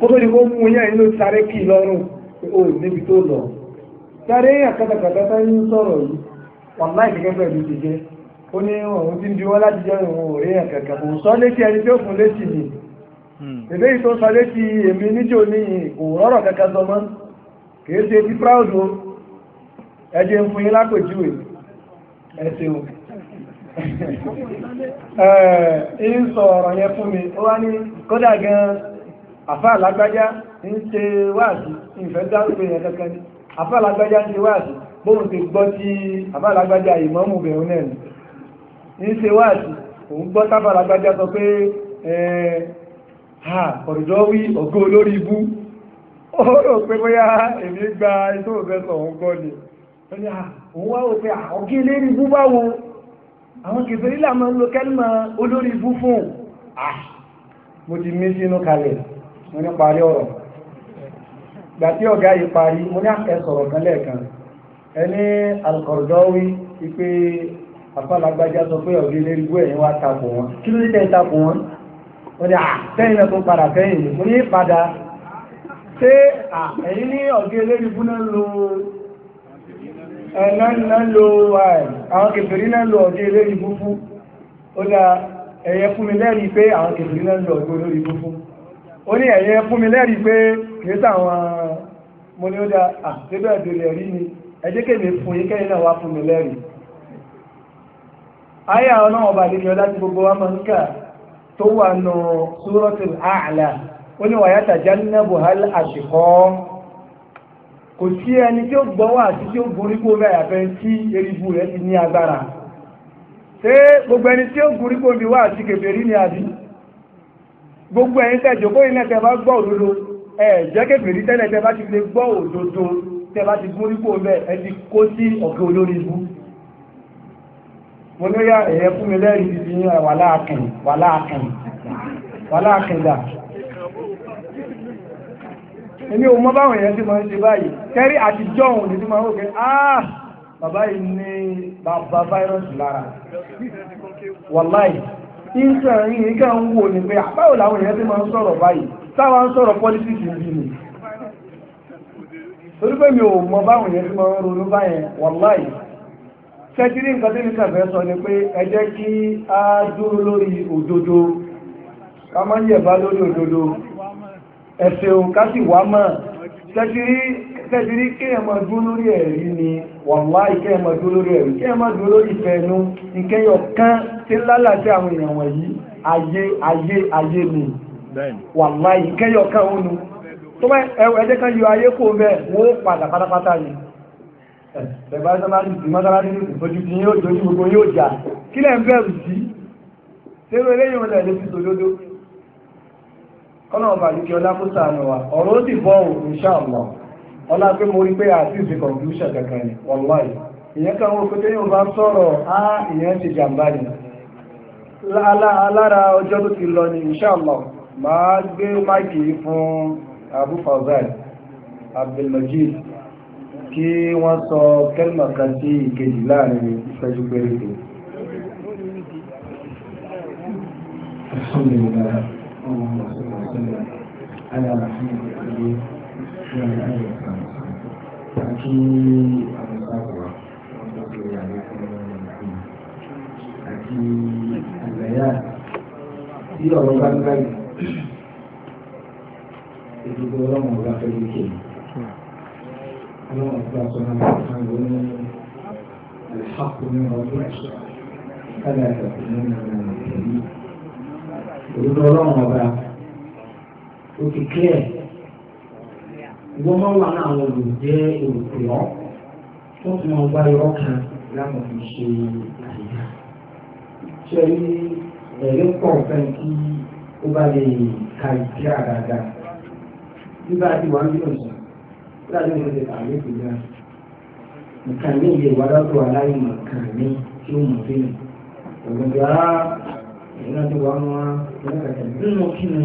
kó tó di kó mú yẹn inú sáré kì lọ́rùn ó oh, níbi tó lọ sáré yẹn kàtàkàtà tá ń sọ̀rọ̀ yìí wọn láì gẹ́gẹ́ bẹ́ẹ̀ ló ti jẹ́ ó ní òun ti ń di wọn láti jẹ́ òun ò rí yẹn kẹ̀kẹ́ kò sọ létí ẹni tó fún létí mi hmm. èdè yìí tó sọ létí èmi níjó ní kò rọrọ̀ kẹ̀kẹ́ sọ mọ́ kì í ṣe ti proud o ẹ jẹ́ ń fún yín lápèjúwe ẹ ṣeun ń sọ ọ̀rọ̀ yẹn fún mi ó wá ní kódà gan-an àfa alágbájá ń ṣe wáàsí ìfẹ́ dárúkọ yẹn kankan ni àfa alágbájá ń ṣe wáàsí bóun ti gbọ́ tí àfa alágbájá ìmọ̀ọ́mù bẹ̀rù náà ni ń ṣe wáàsí òun gbọ́ tábà alágbájá sọ pé ọ̀rọ̀jọ́ wí ọ̀gá olórí ibú ó rò pé bóyá èmi gba ètò òfẹ́ sọ òun gbọ́ ni òun wá rò pé ọ̀gá olórí ibú báwo àwọn kìfèrí làmọ́ ń lo kẹ́lìmọ̀ olórí ibú fún ah, mo ti mí sínú kalẹ̀ mo ní parí ọ̀rọ̀ ìgbà tí ọ̀gá yìí parí mo ní àkẹ́ sọ̀rọ̀ kan lẹ́ẹ̀kan ẹni alukọ̀rọ̀dọ́wí wípé afọlágbájá sọ pé ọ̀gá ilé igbó ẹ̀yìn wá takò wọn kí ló dé takò wọn ó ní àtẹ́yìn náà tó padà fẹ́yìn ní mo ní padà ṣé ẹ̀yìn ní ọ̀gá ilé igbó náà lo ẹ̀nà náà lo àwọn kẹfìrí náà lo ọ̀gá ilé igbó fún ó dá ẹ̀yẹ fún mi lẹ́rìí pé àwọn kẹfìrí náà lo ọ̀gá olórí igbó fún ó ní ẹ̀yẹ fún mi lẹ́rìí pé kìí sàwọn mo ní ó dá àtẹ́bẹ̀ ìbéèrè rí ni ẹjẹ́ kéde fún yín kẹ́yìn ọba àdéhùn ọlá tí gbogbo wa máa ń kà tó wà nù A'la ó ní wàyà tajannabu hal àṣìkọ́ kò sí ẹni tí ó gbọ́ wà sí tí ó gorí kó bẹ́ẹ̀ àfẹ́ eribu rẹ̀ ti ní agbára ṣé gbogbo ẹni tí gbogbo ẹ̀yin tẹ́ jòkó yìí náà tẹ́ bá gbọ́ òdodo ẹ̀ jẹ́ kébìrì tẹ́lẹ̀ tẹ́ bá ti lè gbọ́ òdodo tẹ́ bá ti gún nípò bẹ́ẹ̀ ẹ ti kó sí ọ̀gá olórí ibú. mo ní yá ẹ̀yẹ fún mi lẹ́rìí ti fi yín wà láàkìn wà láàkìn wà láàkìn dà. èmi ò mọ báwọn èèyàn ti máa ń ṣe báyìí kẹ́rí àtijọ́ òun ni ti máa ń wò pé áà ah, bàbá yìí ní bàbá fáírọ́ọ̀sì lára wàláì nǹkan rí nǹkan ń wò ní pé àbáwò làwọn èèyàn ti máa ń sọ̀rọ̀ báyìí táwọn ń sọ̀rọ̀ ń bí mi o, mi ò mọ báwọn èèyàn ti máa ń ronú báyẹn wàláì sẹ́kírì sọ ni pé ẹ jẹ́ kí á dúró lórí òdodo ká má yẹ̀bá ododo. òdodo ẹ̀sìn ò ká tẹ́tìrí kí ẹ máa dúró lórí ẹ̀rí ni wàláì kí ẹ máa dúró lórí ẹ̀rí kí ẹ máa dúró lórí ìfẹ́nu ìkẹyọ̀ kan tí lálà sí àwọn èèyàn wọ̀nyí ayé ayé ayé ni wàláì ìkẹyọ̀ kan ó nu tó bá ẹjẹ́ kan yọ ayé kó bẹ́ẹ̀ wọ́n padà pátápátá ni ẹ̀bá sáláàdì tí mọ́sáláàdì ní ìfojú ti yóò dojú gbogbo yóò jà kí lẹ́ ń bẹ̀rù sí ṣé eré eléyìí wọn lẹ̀ lè fi tòdodo kọ́nà màlúkì ọlá kó sànù wa ọ̀rọ̀ ó sì bọ́ ò insha Allah ọlá pé mo rí pé àti ìsìn conclusion kankan ni wallahi ìyẹn kan wo pété yóò bá sọ̀rọ̀ á ìyẹn ti jàǹbá ni alára ọjọ́ tó ti lọ ni insha Allah máa gbé máìkì fún Abu Fawzan Abdulmajid kí wọ́n sọ kẹ́lìmọ̀ kan sí ìkejì láàrin ìṣẹ́jú péré tó. على محمد الأمين وعلى آله وصحبه àti àwọn sábà ọ̀dọ́dọ̀ àlékún ọ̀hún àti àgbẹ̀yà tí ọ̀rọ̀ bá ń gbàgbé ìdìbò ọlọ́run ọba fẹ́ẹ́ ké ọlọ́run ọba sọ náà wọ́n fún un ní alhaku ní ọdún ẹ̀ṣọ́ kálá ẹ̀ṣọ́ ní ọdún ẹ̀ṣọ́ yìí ọlọ́run ọba ó ti clear ìwọ máa wà náà àwọn olùjẹ́ olùpè ọ́ wọ́n ti máa gbá irọ́ kan láwọn fi ṣe àyíká ṣe rí ẹ̀rí pọ̀ fẹ́ kí ó bá lè ka ìdíra dáadáa nígbà tí wàá ń bílọ̀ sùn nígbà tí wọ́n ti pàdé ìpínlẹ̀ nǹkan ní ìyè wà lọ́dọ̀ aláìmọ̀ kan ní tí ó mọ̀ bínú ògùn gbàrà ìrántí wàá mọ́ ọ́n nínú kí ni.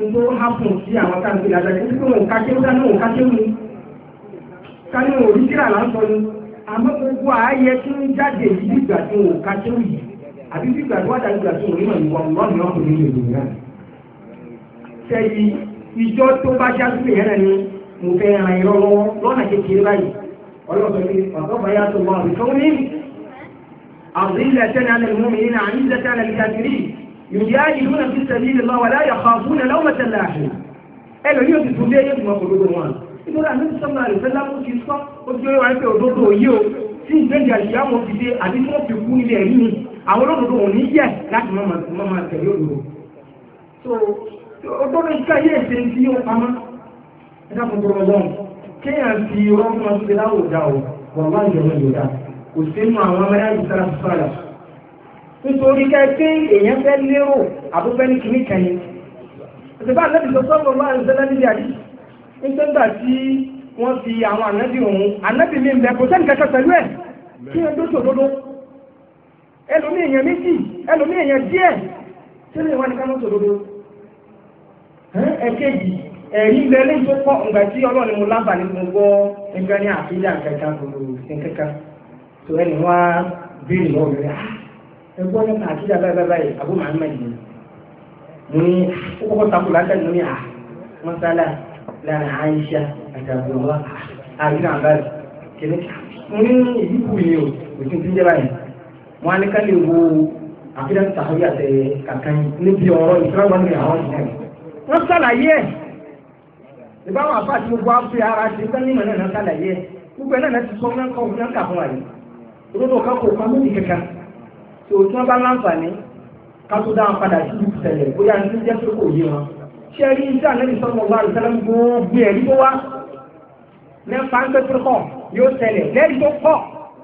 nígbó hápùn sí àwọn káàkiri àdáyé nígbó wọn kákéwú dáná wọn kákéwú ni ká ní wọn oríṣiríà lásán ni àmọ́ gbogbo ààyè tí ń jáde yìí dìgbà tí wọn kákéwú yìí àbí dìgbà tí wọn dá dìgbà tí wọn onímọ̀ ìwà wọn ni wọn kò ní lè lò náà. sẹ́yì ìjọ tó bá ṣáájú lè yẹn ni mo fẹ́ ran irọ́ lọ́wọ́ lọ́nà kékeré báyìí ọlọ́sọ̀ yujahiduna fi sabilillah wa la yakhafuna lawmata lahim ẹlòmí ò ti tún dé yéèmù ọkọ̀dodo wọn nítorí àmì sọ́mà rẹ̀ fẹ́ lámú ti sọ́ ó ti wáyé pé òdodo yìí o tí ìgbẹ́jà ìyá wọn ti dé àti tí wọ́n fi kú nílé ẹ̀rí mi àwọn olódodo wọn ní yẹ láti má máa tẹ̀lé òdodo. so òdodo ìka yé èsè ti yóò pamọ́ ẹ dákun tó rọgbọ́n kéèyàn fi ọmọ ṣe láwùjá o wọ́n bá ìjọba ìjọba kò sí nù àwọn amẹ́rẹ́ àjùsára fúfàlà nítorí kẹ́kẹ́ èèyàn fẹ́ lérò àbúfẹ́ kìíní kẹ́yìn ìsìnbá ànábì sọ sọ́ọ̀bù wà lọ́sẹ̀lẹ̀ níbi àjí nígbà tí wọ́n fi àwọn ànábì òun ànábì mi kò sẹ́ni pẹ̀lú ẹ̀ kí ẹ ẹlòmí èèyàn méjì ẹlòmí èèyàn díẹ̀ sòdodo tó ǹgbà tí ọlọ́ọ̀ni mo ní mo gbọ́ ní àfíjà ẹgbọ́n nípa àkíyà báyìí báyìí Abu Muhammad yìí mo ní ó kọ́kọ́ takò látàrí mo ní à mọ́sálà lára Aisha àti àbúrò àbí náà báyìí kìíní mo ní èyí kù ni o kò sí ti ń jẹ́ báyìí mo á ní ká lè wo àfihàn sàkóyè àti kankan níbi ọ̀rọ̀ ìfúrágbọ́n ní àwọn ìlànà wọ́n sàlàyé ẹ̀ ìbáwọn àfáàtì gbogbo àfi ara ṣe fẹ́ ní ìmọ̀lẹ́ náà sàlàyé gbogbo ẹ̀ náà ti sọ náà kọ́ òun náà kà fún wa yìí olódò kan kò pa lónìí tí o tí wọ́n bá láǹfààní ká tó dáhùn padà sí ìṣẹ̀lẹ̀ bóyá ní jẹ́ pé kò yé wọn. ṣé rí iṣẹ́ àlẹ́ ìṣọ́nà ọba àlùsálẹ̀ gbogbo ẹ̀rí tó wá nípa ń pẹ́tù kọ̀ yóò ṣẹlẹ̀ lẹ́rí tó kọ̀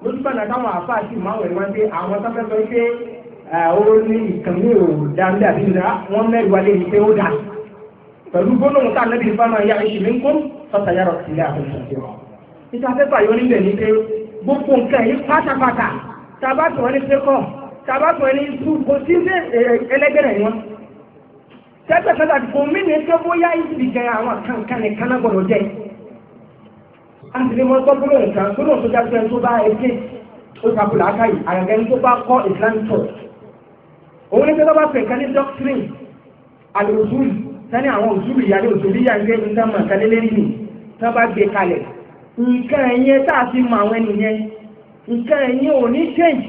lójúgbà náà táwọn àáfàá sì máa ń wẹ̀ wá pé àwọn sáfẹ́fẹ́ pé ó ní ìkànnì ò dáńdé àbí ìlà wọ́n mẹ́rin wálé ní pé ó dà pẹ̀lú gbólóhùn tá àlẹ́ ìfẹ́ máa yá ìṣìlẹ̀ tàbátùn ẹni iṣu kò sí ṣe ẹlẹ́gbẹ̀rẹ̀ wọn tẹ́gbẹ̀ sọ́dà kò mí ní ṣé bóyá ìsì jẹ àwọn kankan nìkan náà gbọ́dọ̀ jẹ àtìlémọ́ gbọ́ gbọ́dọ̀ nǹkan gbọ́dọ̀ tó jáde ẹni tó bá ẹgbẹ́ ó takò làákàyè àgàgà ẹni tó bá kọ́ Islam church òun ní pé bá pè nǹkan ní doctrine àlòsùn sani àwọn òṣùlù ìyáálé òṣèlú yà ń gbé ní sánmà kálélẹ́rì nì tán bá gbé kalẹ̀ nǹkan ẹ̀yẹ tá a fi mọ àwọn ẹnìyẹn nǹkan ẹ̀yẹ ò ní change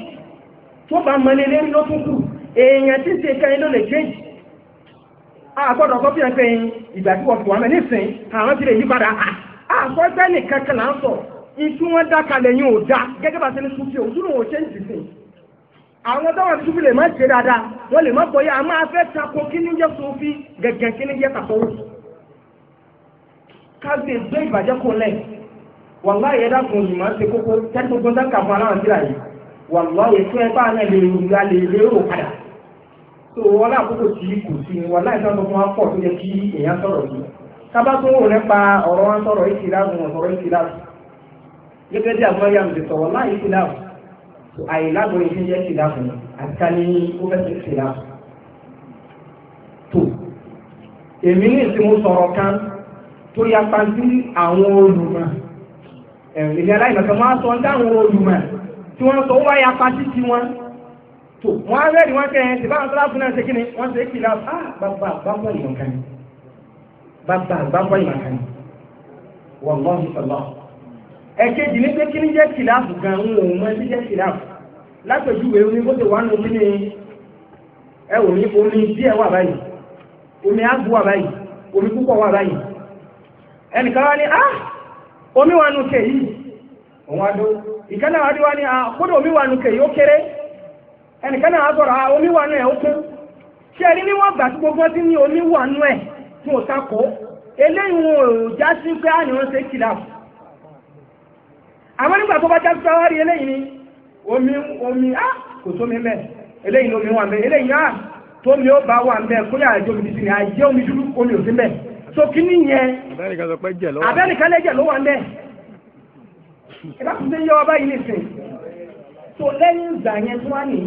tó bá mọ́lé lérí ló tún kù èèyàn tí ń ṣe kan ló lè change àkọ́dọ̀ kọ́ fíjẹ́ pé ìgbà tí wọ́n fi wà mẹ́lẹ́ sìn àwọn ti lè yí padà àkọ́gbẹ́ nìkan kan là ń sọ ìtú wọn dá kalẹ̀ yín ò dá gẹ́gẹ́ bá ṣe ní sùfì òdúró ò change sìn àwọn táwọn sùfì lè má ṣe dáadáa wọ́n lè má bọ̀yá a máa fẹ́ tako kí ní jẹ́ sùfì gẹ̀gẹ̀ kí ní jẹ́ tàkọ́wọ́ kábíyè gbé ìbàjẹ́ kó lẹ̀ wàláyé dákun ìmọ̀ ṣe kókó tẹ́tùgbọ́n dákàfọ́ wàlúwà yẹ fún ẹgbẹ́ àná lè rú la lè lérò padà tó wọn lákòókò tí kò sí ni wọn láì sábà fún wa pọ̀ tó yẹ kí èèyàn sọ̀rọ̀ yìí kábà tó wò nípa ọ̀rọ̀ wa sọ̀rọ̀ ìsìláàmù ọ̀sọ̀rọ̀ ìsìláàmù gẹ́gẹ́ bí àbúrò yà mùsùlùmí sọ̀rọ̀ láì ìsìláàmù àyè lágbo yìí jẹ́ ìsìláàmù àti ká ní ó fẹ́ sí ìsìláàmù tó èmi ní ìsinmi sọ̀rọ̀ kan tó yapa sí àwọn olùmọ̀ tí wọ́n sọ wọ́n wá ya pa títí wọn tó wọ́n á rẹ́ẹ̀dì wọ́n kẹ́hìn tí báwọn sọ́láfù náà ṣe kí ni wọ́n ṣe kìlá ah bàbá àgbáńgbá ìmọ̀ kan ni bàbá àgbáńgbá ìmọ̀ kan ni wọ́n lọ́ sí ọlọ́ ẹ̀kejì ní pé kí ni jẹ́ kìláàfù gan ń òun mọ́ ẹbí jẹ́ kìláàfù lápẹ̀júwe omi bó ṣe wà ní omi ni ẹ wò ní omi díẹ̀ wà báyìí omi àgbò wà báyìí omi púpọ̀ wà báyìí ẹnìkan wá ní ah omi wà nù kẹ̀ yìí òun adó ìkànnà àdúrà ni àkódò ah, omi wà nù kẹyì ó kéré ẹnìkan náà sọ̀rọ̀ a ah, omi wà nù ẹ̀ ó kún ṣé ẹni níwọ̀n gbà tí gbogbo ti ní omi wà nù ẹ̀ tí mo ta kó eléyìí wọn ò já sí pé àná wọn ṣe kìlà àmọ́ nígbà tó bá já sí wárí eléyìí ni omi omi á ah, kò sómi mẹ́ eléyìí ni omi wà mẹ́ eléyìí á tó mi ó bá wà mẹ́ kó yà àjọ omi ti sìn àjẹ́ omi dúdú omi ò sí mẹ́ so kí ni yẹn abẹ́nìkan lè jẹ̀ ló wà mẹ́ ìbáṣepọ̀ yẹ ọba yìí sìn tó lẹ́yìn ìgbà yẹn tí wọ́n ní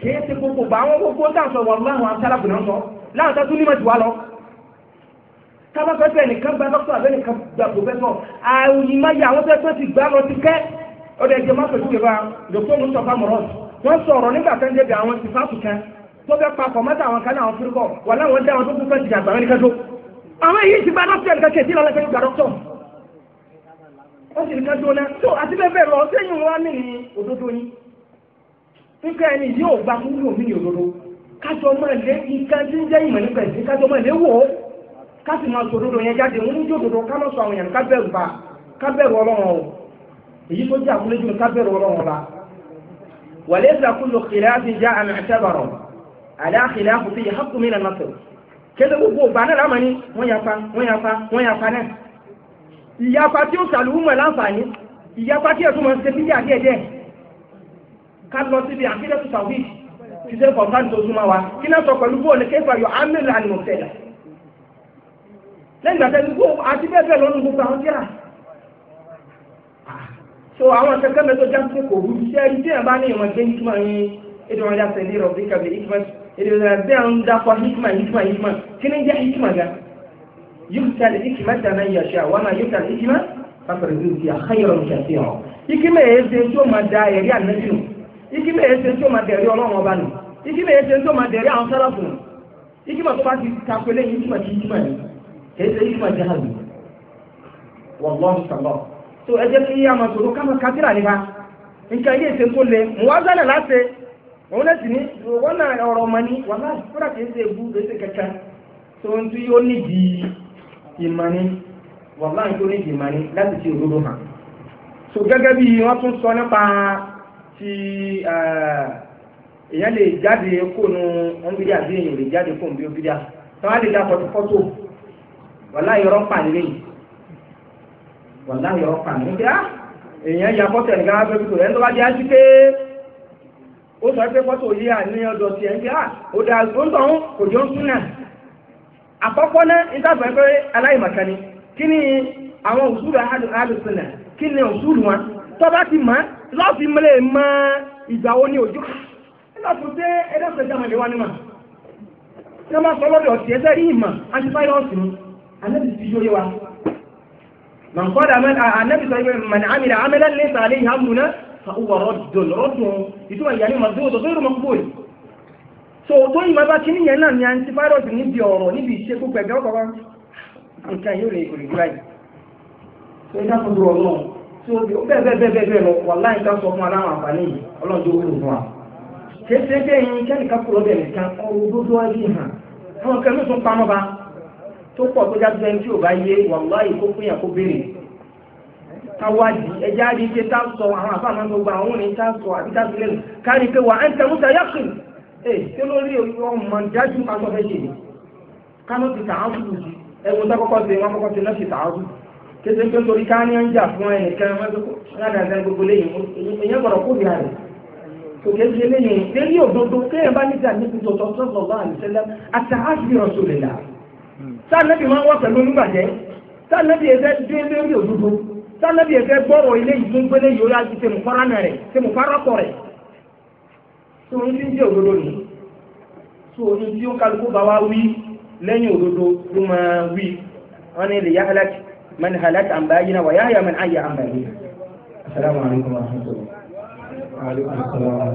kì í ṣe gbogbo bá àwọn gbogbo dáǹsọ̀ wọ̀ láwọn asálàbù náà sọ láwọn tó tún ní mọ̀tì wá lọ. kábà pẹ́pẹ́ nìkan gba dókítà àbẹ́ nìkan gba pòfẹ́sọ̀ àwòyí má yẹ àwọn pẹ́pẹ́ ti gbá lọ ti kẹ́ ọdẹ ẹ̀jẹ̀ má pẹ̀lú ìjọba dókítà mustapha morod wọ́n sọ̀rọ̀ nígbà kan débi àwọn tìfáàtù kan tó fẹ́ papọ̀ mọ́tà àwọn kan náà fúrúkọ̀ wà láwọn dá àwọn tó kú fẹ́ ti dàgbà wọn ní kájọ. àwọn èyí ti gba ó sì nìkan jóná tó àti bẹ́ẹ̀ lọ sẹ́yìn wá ní òdodo yín nípa ẹni yóò gba kúrò mí ní òdodo kájọ máa lé nǹkan tí ń jẹ́ ìmọ̀ nípa ẹ̀sìn kájọ máa lé wò ó ká sì máa sọ òdodo yẹn jáde wọn ní jó òdodo ká máa sọ àwọn èèyàn ká bẹ̀rù bá ká bẹ̀rù ọlọ́run o èyí tó jẹ́ àkúlé jùlọ ká bẹ̀rù ọlọ́run ọba wàlẹ́ ìsàkúlò kìlá ti já àmì àtẹ́bàrọ̀ àdáàkìlá kò sí ìhàkùnmí nà nàfẹ̀ kéde gbogbo ògbà ìyapa tí ó sàlùmọ̀ láǹfààní ìyapa tí ẹ̀tún mọ̀ ṣe bí díẹ̀ díẹ̀ ká lọ síbi àkídẹ́tù sàwí ti ṣe kọ̀ọ̀kan tó súnmọ́ wa kí náà sọ pẹ̀lú bóòlù kéfà yọ amílù àni mọ̀tẹ́lẹ̀ lẹ́yìn àtẹ́lú kó àti bẹ́ẹ̀ bẹ́ẹ̀ lọ́nu gbogbo àwọn tíra so àwọn akẹ́kẹ́ mẹ́tọ́ já sí kò wú iṣẹ́ ẹni tí ẹ̀ bá ní ìwọ̀n gbé hikma yín ètò wọn já sẹ́lẹ̀ rọ̀ bí kàbí hikma èdè ìrẹ̀lẹ̀ bẹ́ẹ̀ ń dákọ̀ hikma hikma hikma kí ni jẹ́ hikma gan-an يؤتى الحكمة من يشاء وما يؤتى الحكمة فقد أوتي خيرا كثيرا ìkímẹ̀ yẹn ṣe tí ó máa da ẹ̀rí ànábì nù ìkímẹ̀ yẹn ṣe tí ó máa dẹ̀rí ọlọ́run ọba nù ìkímẹ̀ yẹn ṣe tí ó máa dẹ̀rí àwọn sáràfù nù ìkímẹ̀ tó bá ti takò eléyìí ìkímẹ̀ ti ìkímẹ̀ ni kìí ṣe ìkímẹ̀ jẹ́ àlù wọ́n tó ẹ kí a máa sọ̀rọ̀ ká kátìrà nípa nǹkan ilé ìṣe tó le mò wá gbálẹ̀ láti òun náà sì ní wọ́n náà ọ̀rọ̀ ọmọ ni wàhálà ìmọ̀ni wàhálà ń tó ní ìmọ̀ni láti fi òdodo hàn so gẹ́gẹ́ bí wọ́n tún sọ nípa ti èèyàn lè jáde kóònù ọ̀nbídíà bí èèyàn lè jáde kóònù bí ọ̀nbídíà táwọn á lè dá fọ́tò fọ́tò wàhálà yọrọ pa nílé yìí wàhálà yọrọ pa nílé yìí ah, èèyàn ya fọ́tò ẹ̀ nígbà fẹ́ fífò ẹ̀ ń tó bá jẹ́ àti pé ó sọ pé fọ́tò yìí àníyàn dọ̀tí ẹ̀ ń pé ah, ó dáa tó ń tọ̀ kò jọ ń sún náà àkọ́kọ́ náà ìtàbí pé aláìmọ̀kan ni kí ni àwọn òṣùlù alùsùnà kí ni òṣùlù wọn tọ́ba ti mọ̀ lọ́ọ̀fì mẹ́lẹ̀ mọ́ ìgbà wo ni òjò lọ́ọ̀fù pé ẹlẹ́sẹ̀ jẹ́ àmàlẹ́ wa ni mà tí wọ́n bá sọ lọ́dọ̀ ọ̀sẹ̀ ẹ̀sẹ̀ rí ìmọ̀ antivirus mu anẹ́bí ti yóyé wa mọ̀nkọ́dà anẹ́bí sọ pé mọ̀nà so tó yìí máa bá kí nìyẹn náà ní antivirus níbi ọ̀rọ̀ níbi ìṣe gbogbo ẹ̀gbẹ́ ọ̀kọ̀ọ̀kan nǹkan yóò lè gbèrè gbúra yìí so ìjà tó dúró ọlọ́run tí bẹ́ẹ̀ bẹ́ẹ̀ bẹ́ẹ̀ bẹ́ẹ̀ lọ wà láì ká sọ fún aláwọ̀ àǹfààní yìí ọlọ́run tó fún wa kéṣe pé ẹyin kúrò bẹ̀rẹ̀ ọrọ̀ gbogbo ayé ba tó pọ̀ fún kó tá sọ àwọn gbogbo àwọn òní tá sọ àbí tá tí eh, lórí ọmọ dájú máa sọ fẹ́ ṣe ni kánú ti tààzù ẹ̀wọ̀n tó kọ́kọ́ ṣe wọn kọ́kọ́ ṣe náà ṣe tààzù kéde pé torí ká ní ń jà fún ẹnìkan ládàá gbogbo lẹ́yìn èèyàn gbọ́dọ̀ kó ìyá rẹ̀ tòkè ṣe lẹ́yìn lórí òdodo kéèyàn bá níta níbi tó tọ́ sọ́sọ́ bá àlùsẹ́lẹ̀ àti àṣìyàn sọ lè là sànẹ́bì máa wọ́n pẹ̀lú onígbàjẹ́ sànẹ́bì ẹ̀fẹ́ dé lórí òdodo sànẹ́bì ẹ̀fẹ́ gbọ́rọ̀ ilé yìí tó ń gbélé yìí ó yá ti tẹ̀mùfáránà rẹ̀ tẹ̀mùfárọ́pọ̀ rẹ̀ tí wọ́n ti ń jẹ́ òdodo nì tí wọ́n ti ó kálukú bá wá wí lẹ́yìn òdodo ló máa wí wọ́n ní lè yá halak man halak àmbá yìí náà wà yá yà man àyà àmbá yìí. asalaamu alaykum wa rahmatulah. aleykum salaam.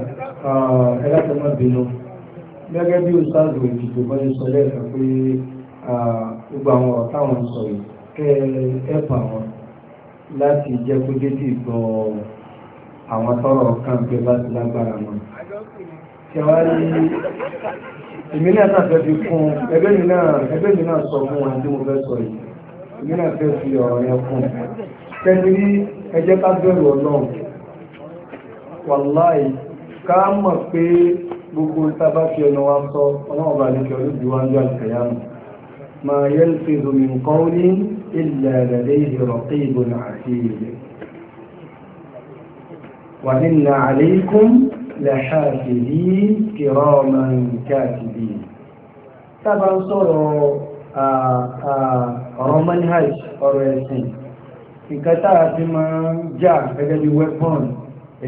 ẹ láti má bínú gẹ́gẹ́ bí oṣáàdù ìdìbò bá ń sọ lẹ́ẹ̀kan pé gbogbo àwọn ọ̀rọ̀ táwọn sọ yìí kẹ́ ẹ wọn láti jẹ́ kó dé sí àwọn tọrọ kan pé láti lágbára wọn kẹwàá ní èmi náà náà fẹ́ fi kún ẹgbẹ́ mi náà ẹgbẹ́ mi náà sọ fún wọn tí mo fẹ́ sọ yìí èmi náà fẹ́ fi ọ̀rọ̀ yẹn kún kẹ́ni rí ẹ jẹ́ ká bẹ̀rù ọlọ́run wàláì ká mọ̀ pé gbogbo tábà fi ẹnu wa sọ ọlọ́run bá nìkẹ́ olóògbé wa ń lọ àlùkẹ́yàmù ma yalfizu min qawlin illa ladayhi raqibun atid wa inna alaykum لحافظين كراما كاتبين tábà ń sọ̀rọ̀ ọ̀rọ̀ manhaj ọ̀rọ̀ ẹ̀sìn nǹkan tá a fi máa ń jà gẹ́gẹ́ bí weapon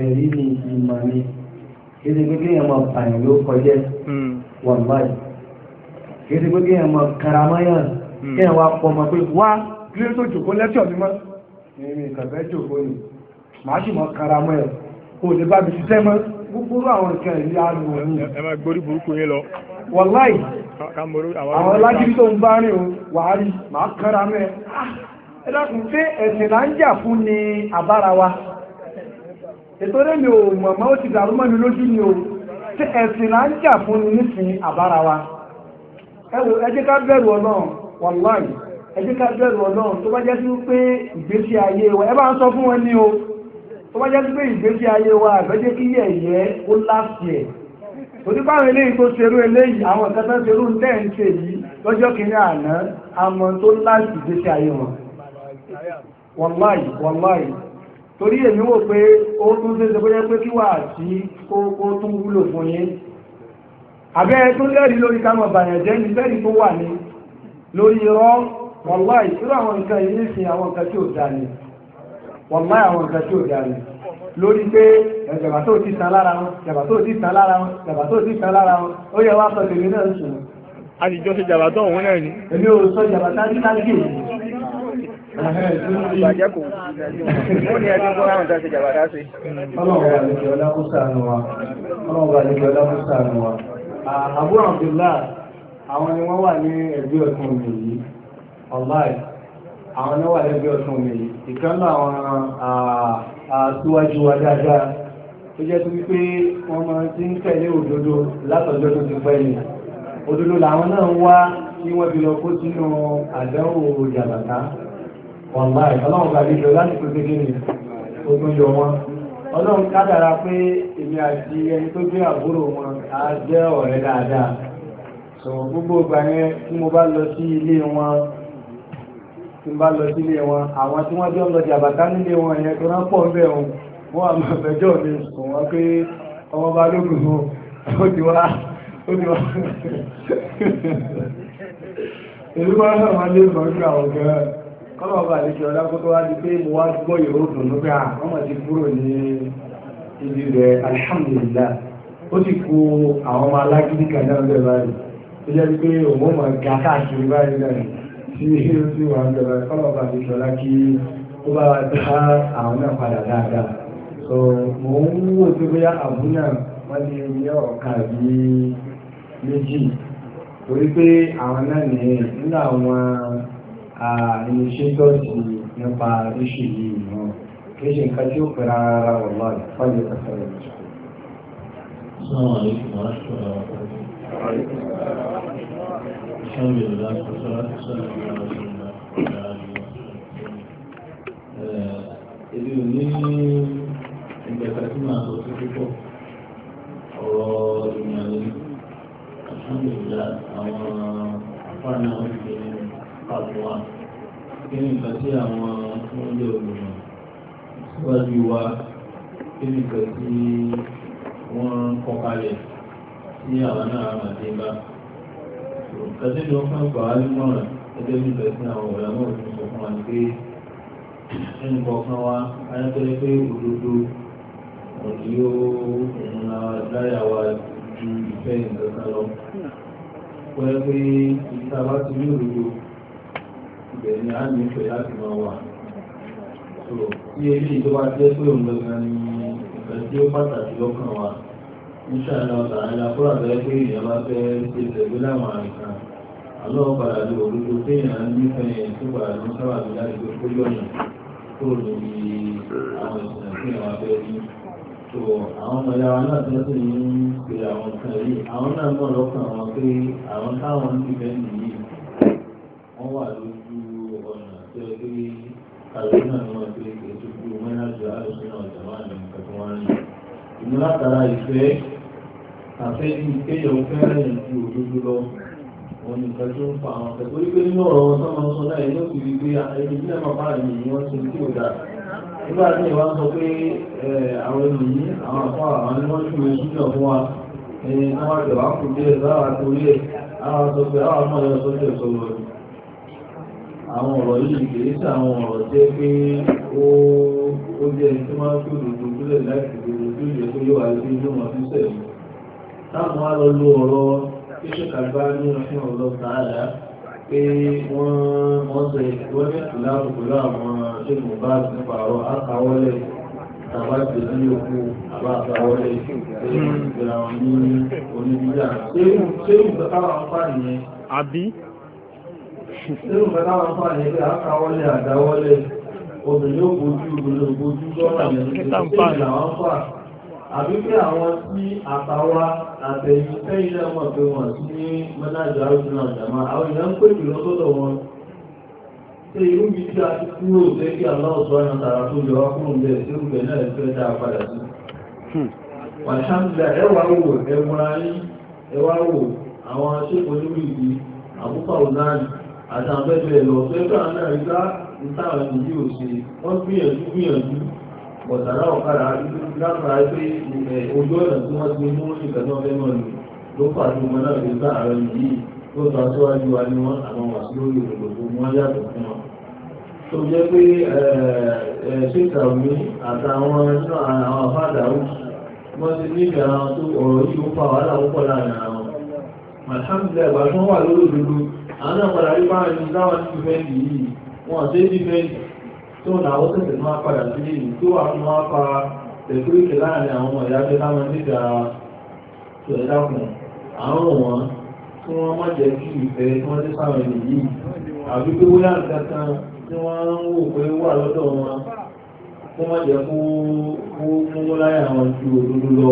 ẹ̀rí ni ìmọ̀ ni kéde pé kéèyàn máa pààyàn ló kọjá wọn báyìí kéde pé kéèyàn máa karamáyà hmm. kéèyàn wá pọ̀ mọ́ pé wá kílé tó jòkó lẹ́tọ̀ mi mọ́ èmi kàfẹ́ jòkó ni màá sì mọ́ karamọ́ ẹ̀ kó o lè bá mi gbogbo àwọn nǹkan ya àrùn òní. ẹ máa gborí burúkú yín lọ. wàláì àwọn alágídí tó ń bá rìn o wàá màá kára mẹ́ ah, ẹ dákun pé ẹ̀sìn là ń jà fún ni àbára wa ètò rẹ̀ mi ò mọ̀mọ́ ó ti dàrú mọ́ mi lójú ni o ẹ̀sìn là ń jà fún ni àbára wa ẹ wò ẹ jẹ́ ká bẹ̀rù wàláì ẹ jẹ́ ká bẹ̀rù tó bá jẹ́ sí pé ìgbésí ayé wa ẹ bá ń sọ fún wọn o. wọ́n jẹ́ pé ìgbésí ayé wa àgbẹ́jẹ́ kí yẹ̀yẹ́ ó láti ẹ̀ onípàwọn eléyìí tó ṣerú eléyìí àwọn ìkẹta ṣerú ń ń yìí lọ́jọ́ kìíní àná àmọ́ tó láti ìgbésí ayé wọn torí èmi wò pé ó tún ṣe ṣe bóyá pé kí wà sí kó tún wúlò fún yín tó lẹ́rìí lórí ká ní lẹ́rìí tó wà ní lórí irú àwọn nǹkan yìí àwọn nǹkan tí ò wọ́n máa àwọn nǹkan tí ò dáa rẹ̀ lórí pé ẹ̀jọ̀bà tó ti san lára wọn ẹ̀jọ̀bà tó ti san lára wọn ẹ̀jọ̀bà tó ti san lára wọn ó yẹ wá sọ tèmi náà sùn. a sì jọ ṣe jàbá tó òun náà ni. èmi ò sọ jàbá tá ní káàkiri. ìbàjẹ́ kò wọ́n ní ẹni fún àwọn ìdáṣe jàbá dáṣe. ọlọ́run àlejò ọlákùsà nù wa ọlọ́run àlejò ọlákùsà nù wa àbúrò Abdullahi àwọn ni wọ́n wà ní ẹ̀gbẹ́ ọ̀tún mi yìí ọ̀láì àwọn náà wà lẹ́gbẹ̀ẹ́ ọ̀tún mi ìkan náà àwọn aṣíwájú wa dáadáa tó jẹ́ tó wípé wọ́n máa ti ń tẹ̀lé òdodo látọjọ́ tó ti pẹ́ ni òdodo làwọn náà ń wá kí wọ́n fi lọ kó sínú àdánwò jàbàtà wàlá ìfọlọ́wọ́n bá nílò láti tó gẹ́gẹ́ ni ó tún yọ wọn ọlọ́run kádàrá pé èmi àti ẹni tó gbé àbúrò wọn á jẹ́ ọ̀rẹ́ dáadáa sọ̀rọ̀ gbogbo ìgbà yẹn tí mo bá lọ sí ilé wọn tí n bá lọ sílé wọn àwọn tí wọ́n jọ ń lọ jàbàtà nílé wọn yẹn tó rán pọ̀ ń bẹ̀ wọn wọ́n àmọ́ ìfẹ́jọ́ mi sùn wọ́n pé ọmọ bá lókùn wọn ó ti wá ó ti wá èyí wọ́n rán wọn lé ìmọ̀ nígbà wọn gan kọ́lọ̀ ọba àlejò ọ̀dà kó tó wá di pé mo wá gbọ́ ìró dùnú pé àwọn ti kúrò ní ibi rẹ̀ alihamudulilayi ó ti kó àwọn ọmọ alágídí kan náà lẹ́ báyìí ó jẹ́ pé òun ó mọ̀ ga káàkiri báyìí náà tí ó sì wà ń jọba kọ́lọ̀bà ti sọ́lá kí ó bá wá dá àwọn náà padà dáadáa so mò ń wò tó bóyá àbúnà wọ́n ti ní ọ̀ka bí méjì torí pé àwọn náà ní nínú àwọn irinṣẹ́ tọ́sí nípa iṣu yìí náà kí ṣe nǹkan tí ó pẹ̀lú ara wọ̀ lọ́ọ̀ fọ́lẹ̀ pẹ̀lú ọ̀sán. Assalamu alaikum warahmatullahi wabarakatuh. الحمد لله والصلاة والسلام على رسول الله وعلى آله وصحبه èmi ò ní ìgbàgbà tí màá sọ sí púpọ̀ ọ̀rọ̀ ìyàwó àṣàmìlá àwọn àfáàná òṣèlú nínú pàtùwà kí ni nǹkan tí àwọn tí ìtọ́jú ìlú fún ìgbà wá nímọ̀ràn gẹ́gẹ́ bí ìbẹ̀rẹ̀ fún àwọn ọ̀rẹ́ náà ti sọ fún wa ní pé ẹnì kọ̀ọ̀kan wa ayẹ́tọ́lẹ́ pé òdodo òní ó ìrìnà láyà wa ju ìfẹ́ ìgbẹ̀kan lọ. pẹ́ẹ́ pé ìta bá ti ní òdodo ibẹ̀ ni a nífẹ̀ẹ́ láti máa wà. tí eléyìí tó bá jẹ́ pé òun gangan ni ìgbà tí ó pàtàkì lọ́kàn wa níṣàlá ọ̀tà ńlá fúra bẹ́ẹ̀ pé ìyàbá fẹ́ ṣe tẹ̀lé láwọn àìkan àlọ́ padà lu òdodo téèyàn nífẹ̀ẹ́ yẹn tó padà lọ sábà bí láti gbé kó yọ̀nà kúrò níbi àwọn ìsìn tí àwọn abẹ́ rí tó àwọn ọmọ ìyá wa náà tó sì ń pe àwọn nǹkan yìí àwọn náà mọ̀ lọ́kàn wọn pé àwọn táwọn ń tìfẹ́ nìyí wọ́n wà lójú ọ̀nà tó yẹ pé kàlẹ́ náà ni wọ́n pé ètò ìgbìmọ̀ náà jọ àlùsí náà jàmáà ní nǹkan tó wá ń lò ìmúlátara ìfẹ́ àfẹ́jù kéèyàn fẹ́ràn ju òdodo lọ wọn nìkan tó ń fa àwọn akẹ́kọ̀ọ́ torí pé nínú ọ̀rọ̀ wọn sọ́mọ sọ náà inú ti di pé ẹni tí náà bá rẹ̀ nìyí wọ́n ti kí ò dáa nígbà tí ìwà sọ pé àwọn ènìyàn àwọn àpá àwọn ni wọ́n ṣùgbọ́n ìṣúná fún wa ẹni tí wọ́n tẹ̀wá kù díẹ̀ láwa torí ẹ̀ àwọn sọ pé àwọn ọmọ yẹn sọ pé ẹ̀sọ́ lọ àwọn ọ̀rọ̀ yìí kìí sí àwọn ọ̀rọ̀ jẹ́ pé ó jẹ́ ẹni tí wọ́n fi òdòdó sílẹ̀ láti òdòdó yẹ kó yóò wá sí inú wọn fi sẹ́yìn táwọn wá lọ lo ọ̀rọ̀ tíṣù kàgbá ní ọ̀sìn ọ̀lọ́ sàálà pé wọ́n wọ́n sọ wọ́n ní ìlànà pẹ̀lú àwọn ṣègùn bá nípa ọ̀rọ̀ àkàwọ́lẹ̀ tàbá ti sí òkú àbá àkàwọ́lẹ̀ ìgbéra wọn ní oníbíyà. ṣé ìgbà táwọn afá nìyẹn? àbí. ṣé ìgbà táwọn afá nìyẹn pé àkàwọ́lẹ̀ àdáwọ́lẹ̀ obìnrin ò bójú obìnrin ò bójú lọ́nà àbí pé àwọn tí àtàwa àtẹ̀yìn sẹ́yìn náà mọ̀ pé wọ́n ti ní mẹ́nájà àrùn àjàmá àwọn èèyàn ń pè jù lọ wọn ṣe irú tí a ti kúrò pé kí aláwọ̀ sọ tààrà tó lè wá bẹ́ẹ̀ tí irú bẹ́ẹ̀ náà fẹ́ dáa padà sí. Hmm. ẹwà wò bọ̀tàrà ọ̀kadà látara pé ojú ọ̀nà tí wọ́n ti mú ìgbà náà fẹ́ mọ̀ lò ló fà sí ọmọ náà lè bá ààrẹ yìí tó sọ síwájú wa ni wọ́n àwọn wà sí lórí òdòdó tó wọ́n yàtọ̀ fún wọn. tó jẹ́ pé ṣèkà mi àtàwọn àwọn afáàdà ó wọ́n ti níbi àwọn tó ọ̀rọ̀ yìí ó fa wàhálà púpọ̀ láàrin àwọn. alhamdulilayi wà tí wọ́n wà lórí òdòdó àwọn náà padà rí tó làwọn tẹ̀sẹ̀ máa padà sí ìlú tó àwọn máa fa tẹ̀kúrìkì láàrin àwọn ọmọ ìyá bẹ́ẹ̀ láwọn nígbà tó ẹ̀dá kùn àwọn wọn tí wọ́n má jẹ́ kí ìfẹ́ tí wọ́n ti sáwọn ènìyàn yìí àbí pé wọ́n yára kankan tí wọ́n ń wò pé wà lọ́dọ̀ wọn kó má jẹ́ kó mú láyà wọn ju òdodo lọ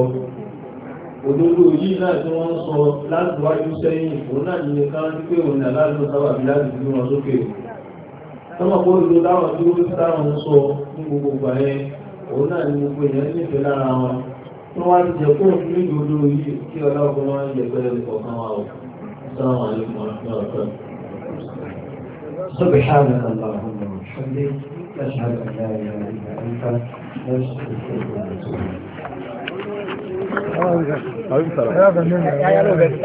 òdodo yìí náà tí wọ́n ń sọ láti wájú sẹ́yìn òun náà yìí kan pé òun náà láti lọ sábàbí láti fi wọn sókè o. tọ́mọ̀ kó ló dáwọn tí ó dáwọn ń sọ ní gbogbo ìgbà yẹn òun náà ni gbogbo èèyàn nífẹ̀ẹ́ lára wọn tí wọ́n á ti jẹ kó ní ìdodo yìí kí ọlọ́run wọn yẹ pẹ́lẹ́ kọ̀ọ̀kan wa o sáwọn àlejò wọn ní ọ̀tọ̀. سبحانك اللهم وبحمدك أشهد أن لا إله إلا أنت نستغفرك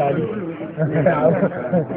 ونتوب إليك.